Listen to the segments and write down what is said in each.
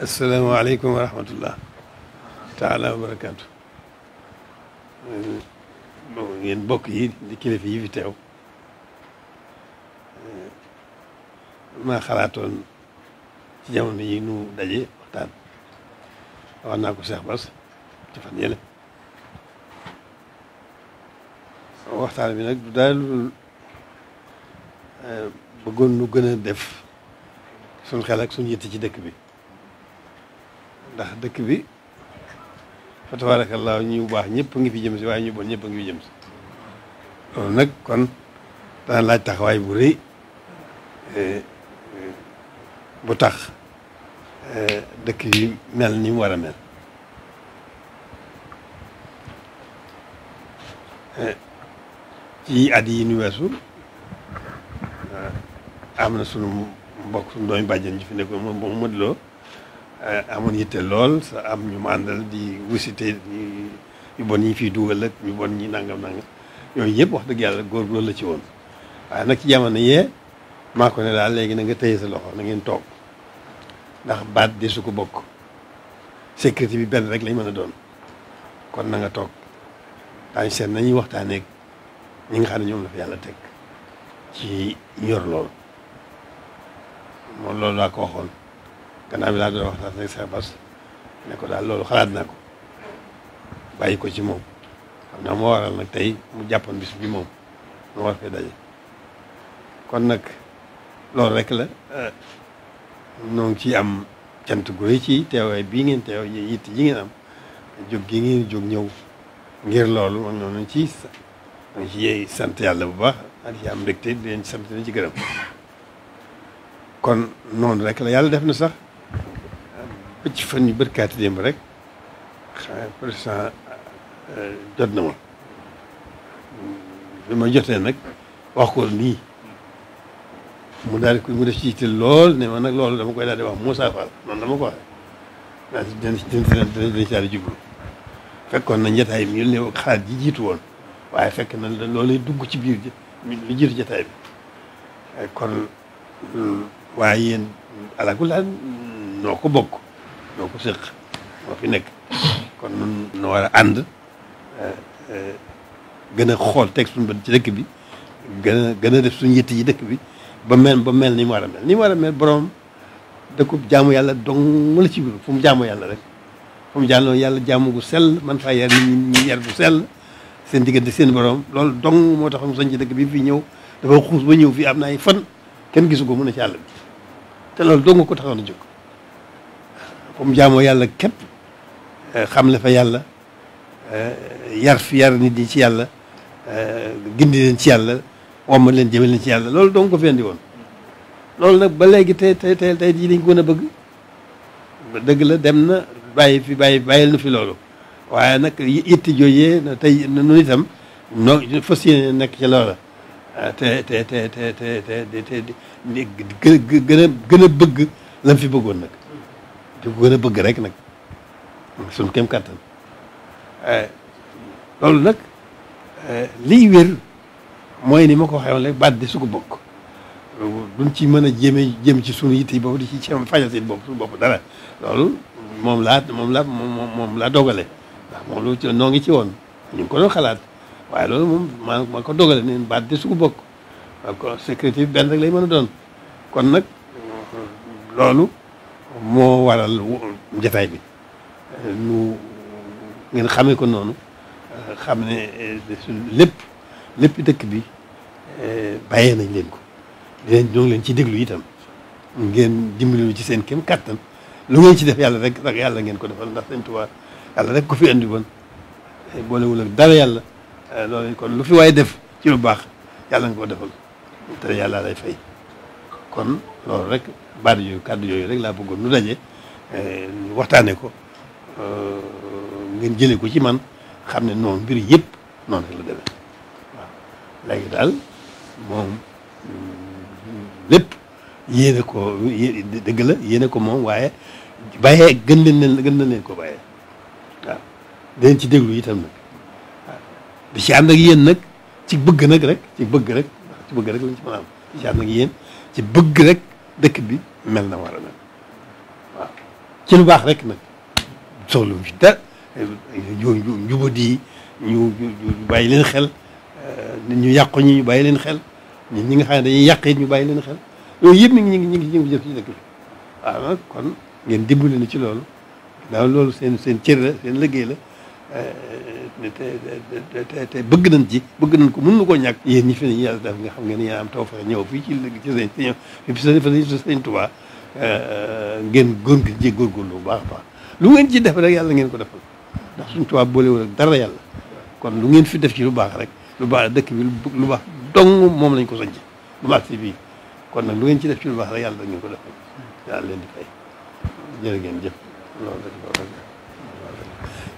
السلام عليكم ورحمة الله تعالى وبركاته ينبوك هيد لكل في يفتعو ما خلاتون جمعون ينو دجي وقتان وانا اكو سيخ برس تفضيلة وقتان بناك بدال آه، بقول نو قنا دف سن خلاك ndax dëkk bi fa tabaarakallaahu ñu baax ñëpp ngi fi jëm si waaye ñu bon ñëpp ngi fi jëm si loolu nag kon dana laaj taxawaay bu rëy eh, eh, bu tax eh, dëkk yi mel ni mu war a mel ci at yi ñu weesu am na sunu mbokk sunu doomi bàjjen ji fi nekkoon moom moom amoon yitte lool sa am ñu màndal di wusite ñu bon ñi fii dugal ak ñu bon ñi nangam nangam yooyu yëpp wax dëgg yàlla góor loolu la ci woon waaye nag ci jamono yee maa ko ne daal léegi na nga tëye sa loxo na ngeen toog ndax baat de su ko bokk sécurité bi benn rek lañ mën a doon kon na nga toog daañu seet nañuy waxtaaneek ñi nga xam ne ñoom la fa yàlla teg ci yor loolu moom loolu laa ko waxoon gannaaw bi laa doon waxtaan ak Cheikh Bass daal loolu xalaat naa ko bàyyi ko ci moom xam naa moo waral nag tey mu jàppoon bis bi moom mu war fee daje kon nag loolu rek la noo ngi ciy am cant gu rëy ci teewaay bii ngeen teew it yi ngeen am jóg gi ngeen jóg ñëw ngir loolu man noonu ci ngi ci yey sant yàlla bu baax ak ci am mbégte di leen sant di ci gërëm kon noonu rek la yàlla def na sax pëcc fan yu bërkaati démb rek président jot na ma bi ma jotee nag wax ko nii mu daal di ko mu def ci yitte lool ne ma nag loolu dama koy daal di wax Moussa Fall noonu dama ko waxee daal di dana dana dana daal di jublu fekkoon na njataay bi ñu ne xalaat ji jiitu woon waaye fekk na loolu dugg ci biir lu jiitu jataay bi kon waaye yéen alaakulaa noo ko bokk. ñoo ko sëq moo fi nekk kon nun nu war a ànd eh, eh, gën a xool teg suñu bët ci dëkk bi gën a gën a def suñu yitt yi dëkk bi ba mel ba mel ni mu war a mel ni mu war a mel borom dëkkub jaamu yàlla dong la ci biir fu mu jaamu yàlla rek fu mu jàlloo yàlla jaamu gu sel man faa yar nit ñi yar bu sel seen diggante seen borom loolu dong moo tax mu sañ ci dëkk bi fii ñëw dafa xuus ba ñëw fii am na ay fan kenn gisu ko mun a ci àll bi te loolu dong ko taxaw na jóg comme jaamoo yàlla képp xam la fa yàlla yar fi yar nit ñi ci yàlla gindi leen ci yàlla womma leen jëme leen ci yàlla loolu donc ko fi indi woon loolu nag ba léegi tey tey tey tey jii lañ ko gën a bëgg dëgg la dem na bàyyi fi bàyyi bàyyil na fi loolu waaye nag yi jooyee tey nu itam noo fas yéene nekk ci loola te te te te te te te gën a gën a bëgg lam fi bëggoon nag te ku gën a bëgg rek nag suñ kem kàttan loolu nag liy wér mooy ni ma ko waxee woon rek baat de su ko bokk duñ ci mën a jéemee jéem ci suñu yitte yi boobu di ci ceeb fajal seen bopp suñu bopp dara loolu moom laa moom laa moom moom laa dogale ndax moom loolu ci noo ngi ci woon ñu ngi ko doon xalaat waaye loolu moom maa maa ko dogale neen baat de su ko bokk kon sécurité bi benn rek lay mën a doon kon nag loolu moo waral jataay bi nu ngeen xamee ko noonu xam ne eh, lépp lépp dëkk bi eh, bàyyee nañ leen ko dinañ ñoo leen ci déglu itam ngeen dimbalu ci seen kéem kattan lu ngeen ci def yàlla rek ndax yàlla ngeen ko defal ndax sëñ Tuubaa yàlla rek ko fi andi woon eh, boolewul ak dara yàlla loolu kon lu fi waaye def ci lu baax yàlla nga ko defal te yàlla lay fay kon loolu rek baat yooyu kàddu yooyu rek laa bëggoon nu daje eh, waxtaane ko euh, ngeen jëlee ko ci man xam ne noonu mbir yépp noon rek la demee waaw daal moom mm, lépp yéene ko dëgg la yéene ko moom waaye bàyyee gën leen leen gën leen ko bàyyee waaw dinañ ci déglu itam nag waaw ci ànd ak yéen nag ci bëgg nag rek ci bëgg rek ci bëgg rek lañ ci mën am ci ànd ak yéen ci bëgg rek dëkk bi mel na war mel ci lu baax rek nag soxla wu ci dara njubadi di ñu bàyyi leen xel eh, ñu yàqu ñi ñu bàyyi leen xel ñu ñi nga xam ne dañuy yàq ñu bàyyi leen xel loolu yëpp ñu ngi ñu ngi ñu ngi ñu ngi jëf ci dëkk bi kon ngeen dimbali ni ci loolu daaw loolu seen seen cër la seen liggéey la te te bëgg nañ ci bëgg nañ ko mën na koo ñàkk yéen ñi fi ne yàlla def nga xam ngeen yéen am taw fa ñëw fii ci ci sëñ fi ñëw fa sëñ sëñ Tuubaa euh, ngeen góor ci góorgóorlu bu baax a baax lu ngeen ci def rek yàlla ngeen ko defal ndax suñ Tuubaa boolewul ak yàlla kon lu ngeen fi def ci lu baax rek lu baax dëkk bi lu baax dong moom lañ ko sañc bu mu agsi bii kon nag lu ngeen ci def ci lu baax rek yàlla ngeen ko defal yàlla leen di fay ngeen jëf loolu rek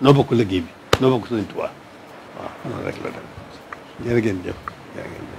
noo bokk liggéey bi noo bokk Sëriñ Tuubaa waaw noonu rek la dem jërë ngeen jëf jërë ngeen jëf